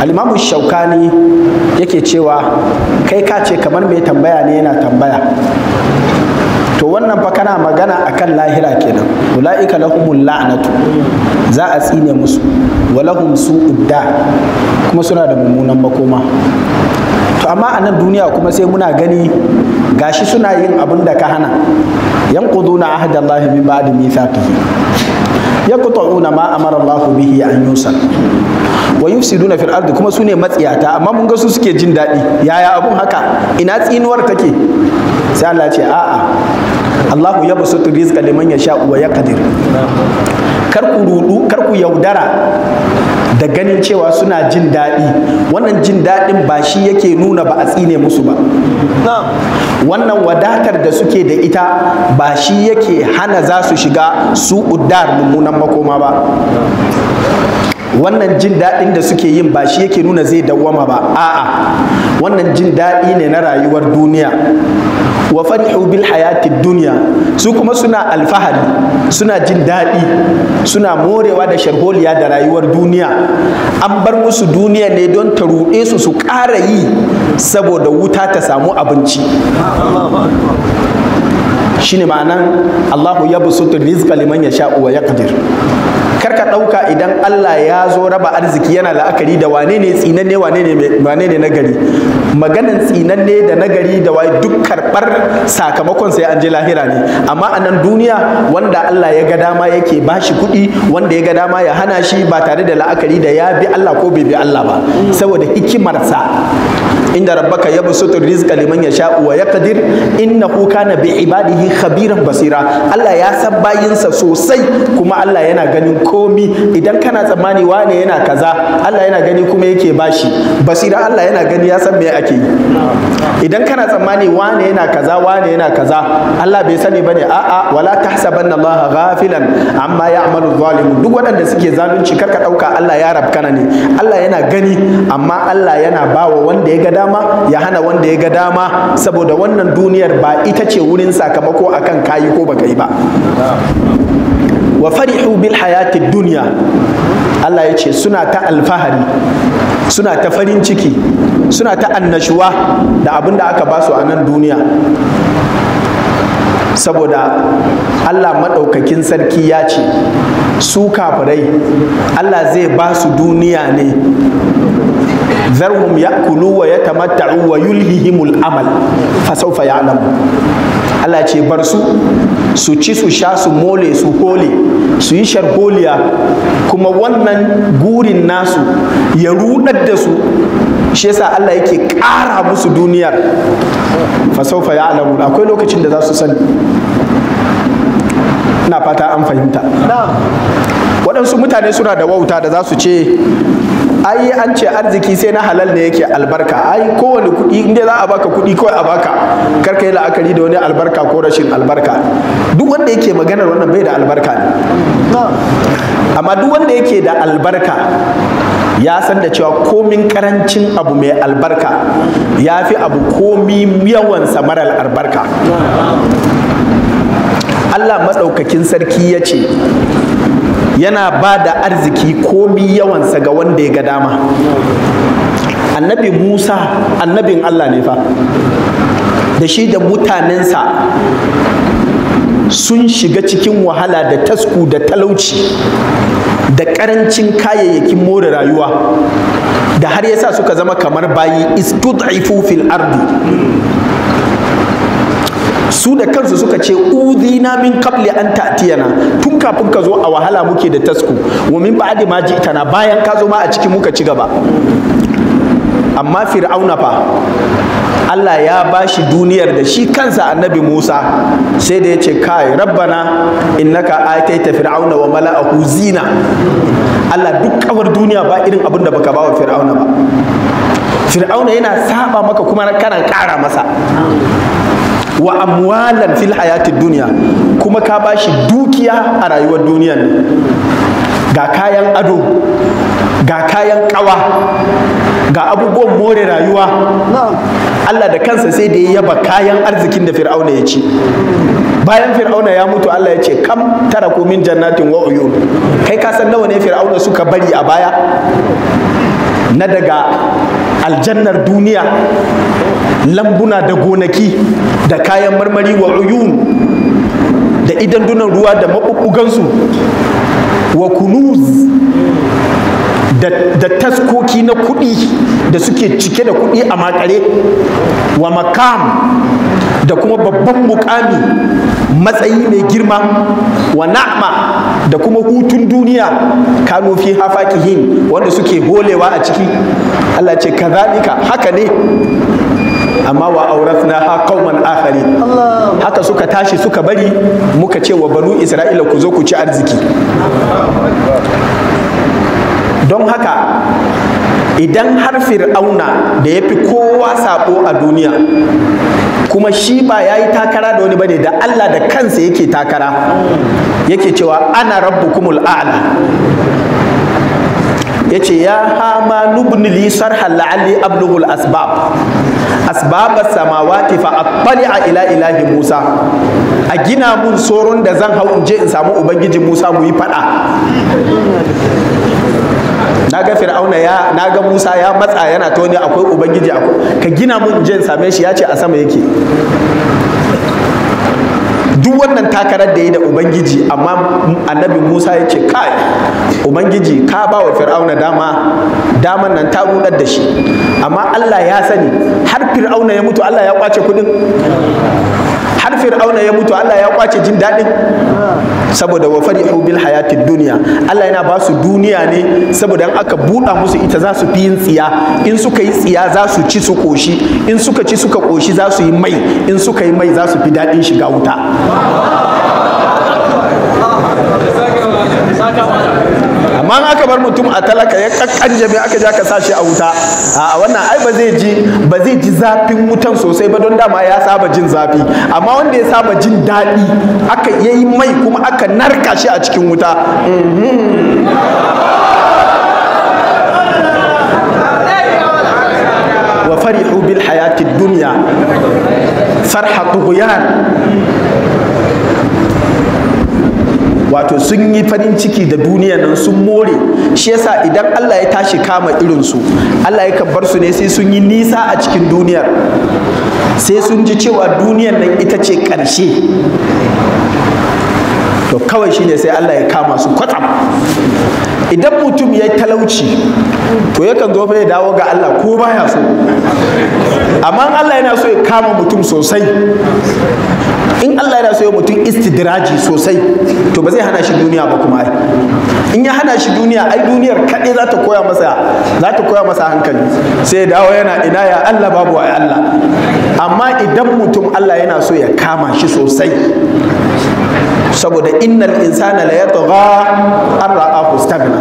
alimamu shaukani yake cewa kai ka ce kamar mai tambaya ne yana tambaya to wannan fa kana magana akan lahira kenan ula'ika lahumul la'natu za a tsine musu walahum su'udda kuma suna da mummunan makoma to amma a nan duniya kuma sai muna gani gashi suna yin abin da ka hana yanquduna ahdallahi min ba'di mithaqihi yaqta'una ma amara Allahu bihi an yusal wa yufsiduna fil ardi kuma sune matsiyata amma mun ga su suke jin daɗi yaya abun haka ina tsinuwar take sai Allah ce a'a Allahu ya Turiz rizqa liman yasha wa yaqdir kar ku rudu kar ku yaudara da ganin cewa suna jin daɗi wannan jin daɗin ba shi yake nuna ba a tsine musu ba wannan wadatar da suke da ita ba shi yake hana za su shiga su uddar mummunan makoma ba wannan jin daɗin da suke yin ba shi yake nuna zai dawwama ba a'a wannan jin daɗi ne na rayuwar duniya wa fadhu bil hayati duniya su kuma suna alfahari suna jin daɗi suna morewa da sharholiya da rayuwar duniya an bar musu duniya ne don ta ruɗe su su ƙara yi saboda wuta ta samu abinci shine ma'anan Allahu ya busutu rizqa liman yasha'u wa yaqdir kar ka ɗauka idan Allah ya zo raba arziki yana la'akari da wane ne tsinanne wane ne wane ne nagari maganan tsinanne da nagari da waye duk karɓar sakamakon sai an je lahira ne amma a nan duniya wanda Allah ya ga dama yake bashi kuɗi wanda ya ga dama ya hana shi ba tare da la'akari da ya bi Allah ko bai bi Allah ba saboda hikimarsa inda rabbaka ya sutur rizka liman yasha wa yaqdir innahu kana bi ibadihi khabiran basira Allah ya san bayinsa sosai kuma Allah yana ganin komi idan kana tsammani wane yana kaza Allah yana gani kuma yake bashi basira Allah yana gani ya san me ake yi idan kana tsammani wane yana kaza wane yana kaza Allah bai sani bane a'a wala tahsabanna Allah ghafilan amma ya'malu zalimun duk waɗanda suke zalunci karka dauka Allah ya rabkana ne Allah yana gani amma Allah yana bawa wanda ya ga dama ya hana wanda ya ga dama saboda wannan duniyar ba ita ce wurin sakamako akan kayi ko baka yi ba wa farihu bil hayati duniya Allah ya ce suna ta alfahari suna ta farin ciki suna ta annashuwa da abin da aka basu a nan duniya saboda Allah maɗaukakin sarki ya ce su kafirai Allah zai ba su duniya ne zarhum ya'kulu wa yatamatta'u wa yulhihimul amal fa ya alamu. Allah ce bar su su ci su sha su mole su hole su yi sharholiya kuma wannan gurin nasu ya rudar da su shi yasa Allah yake ƙara musu duniyar fa ya alamu. akwai lokacin da za su sani ina fata an fahimta waɗansu mutane suna da wauta da za su ce ai an ce arziki sai na halal ne yake albarka ai kowane kuɗi in za a baka kuɗi kawai a baka kar ka yi la'akari da wani albarka ko rashin albarka duk wanda yake maganar wannan bai da albarka ne amma duk wanda yake da albarka ya san da cewa komin karancin abu mai albarka ya fi abu komi yawansa marar albarka Allah maɗaukakin sarki ya ce yana ba da arziki komi yawansa ga wanda ya ga dama annabi musa annabin allah ne fa da shi da mutanensa sun shiga cikin wahala da tasku da talauci da karancin kayayyakin more rayuwa da har yasa suka zama kamar bayi istud'ifu fil ardi su da kansu suka ce udhina min qabli an ta'tiyana tun kafin ka zo a wahala muke da tasku wa min ba'di ma ji'tana bayan ka zo ma a cikin muka ci gaba amma fir'auna fa Allah ya bashi duniyar da shi kansa annabi Musa sai da ya ce kai rabbana innaka ataita fir'auna wa mala'ahu zina Allah duk kawar duniya ba irin abin da baka ba wa fir'auna ba fir'auna yana saba maka kuma kana kara masa wa amwalan fil hayatid duniya kuma ka bashi dukiya a rayuwar ne. ga kayan ado ga kayan kawa ga abubuwan more rayuwa Allah da kansa sai da ya yaba kayan arzikin da fir'auna ya ci bayan fir'auna ya mutu Allah ya ce kam tara min jannatin wa uyun kai ka san nawa ne fir'auna suka bari a baya na daga aljannar duniya lambuna da gonaki da kayan marmari wa uyun da idan dunan ruwa da maɓuɓɓugansu wa kunuz da taskoki na kuɗi da suke cike da kuɗi a makare wa makam da kuma babban mukami matsayi mai girma wa na'ama. da kuma hutun duniya kanu fi wanda suke holewa a ciki Allah ce ka zaɗika haka ne amma wa na ha kauman akhari haka suka tashi suka bari muka ce wa banu isra'ila ku zo ku ci arziki don haka idan har fir'auna da ya fi kowa sabo a duniya kuma shi ba ya yi takara da wani bane da Allah da kansa yake takara yake cewa ana rabbukumul a'la yace ya hama nubni li sarha la'alli asbab asbab as-samawati fa attali'a ila ilahi Musa a gina mun soron da zan hau in je in samu Ubangijin Musa mu yi fada na ga fir'auna ya na ga musa ya matsa yana ta wani akwai ubangiji akwai ka gina mun jin in same shi ya ce a sama yake duk wannan takarar da yi da ubangiji amma annabi musa ya ce kai ubangiji ka ba wa fir'auna dama daman nan ta rudar da shi amma allah ya sani har fir'auna ya mutu allah ya kwace kudin har fir'auna ya mutu allah ya kwace jin daɗin saboda wa fari bil hayatid dunya Allah yana ba su duniya ne saboda in aka buɗa musu ita za su fi yin tsiya in suka yi tsiya za su ci su koshi in suka ci suka koshi za su yi mai in suka yi mai za su fi daɗin shiga wuta amma aka bar mutum a talaka ya kakkan jami aka ja ka sashi a wuta a wannan ai ba zai ji ba zai ji zafin wutan sosai ba don dama ya saba jin zafi amma wanda ya saba jin daɗi aka yayi mai kuma aka narka shi a cikin wuta wa farihu bil hayati dunya farha tughyan wato sun yi farin ciki da duniya nan sun more shi yasa idan Allah ya tashi kama irin su Allah ya bar su ne sai sun yi nisa a cikin duniyar sai sun ji cewa duniyar nan ita ce ƙarshe to kawai shine sai Allah ya kama su kwatsam idan mutum ya yi talauci to yakan zo ya dawo ga Allah ko baya so amma Allah yana so ya kama mutum sosai in Allah yana so ya mutum istidraji sosai to ba zai hana shi duniya ba kuma in ya hana shi duniya ai duniyar kaɗai za ta koya masa za ta koya masa hankali sai ya dawo yana ina ya Allah babu wa Allah amma idan mutum Allah yana so ya kama shi sosai saboda innal insana la yatgha an ra'ahu stamina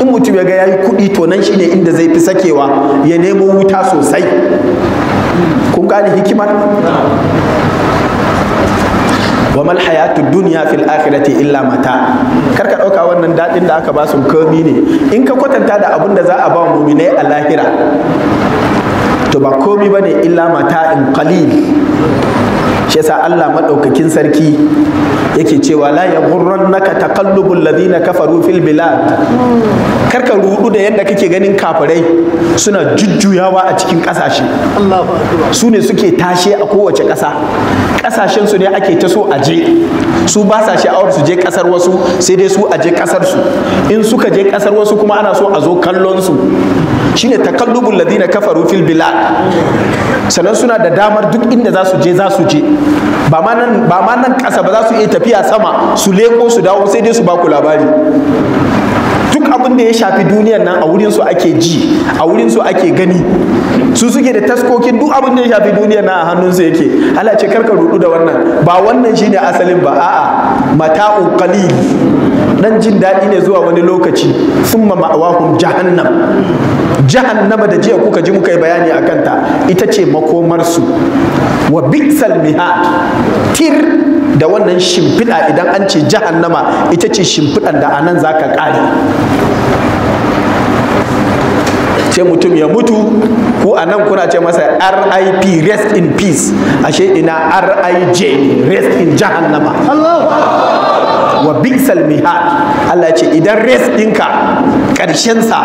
in mutum ya ga yayi kuɗi to nan shine inda zai fi sakewa ya nemo wuta sosai kun gane hikimar wa mal hayatu dunya fil akhirati illa mata karka ɗauka dauka wannan dadin da aka ba su komi ne in ka kwatanta da abin da za a ba mu'minai a lahira to ba komi bane illa mata in qalil shi Allah madaukakin sarki yake cewa la naka taqallubul ladina kafaru fil bilad ka rudu da yadda kake ganin kafirai suna jujjuyawa a cikin ƙasashe. su ne suke tashe a kowace ƙasa ƙasashen su ne ake ta so aje su ba sa sha'awar su je ƙasar wasu sai dai su aje ƙasar su in suka je ƙasar wasu kuma ana so a zo kallon su shine takallubul ladina kafaru fil bilad sannan suna da damar duk inda za su je za su je ba ma nan kasa ba za su iya tafiya sama su leko su dawo sai dai su baku labari duk abin da ya shafi duniyar nan a wurin su ake ji a wurin su ake gani su suke da taskokin duk abin da ya shafi duniyar nan a hannun su yake Allah ce karka rudu da wannan ba wannan shine asalin ba a'a mata'un qalil dan jin daɗi ne zuwa wani lokaci thumma ma'awahum jahannam jahannama da jiya kuka ji muka yi bayani a kanta ita ce makomarsu wa bitsal mihad tir da wannan shimfiɗa idan an ce jahannama ita ce shimfiɗan da anan za ka ƙare sai mutum ya mutu ko a nan kuna ce masa rip rest in peace ashe ina rij rest in jahannama wa bi'sal mihad Allah ce idan rest ɗinka ƙarshensa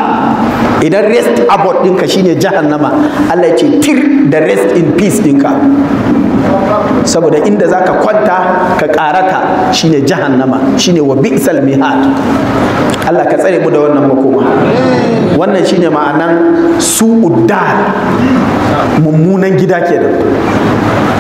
idan rest abort ɗinka shine jahannama Allah ce tir da rest in peace ɗinka saboda inda zaka kwanta ka karata shine jahannama shine wa bi'sal mihad Allah ka tsare mu da wannan makoma wannan shine ma'anan su'uddar mummunan gida kenan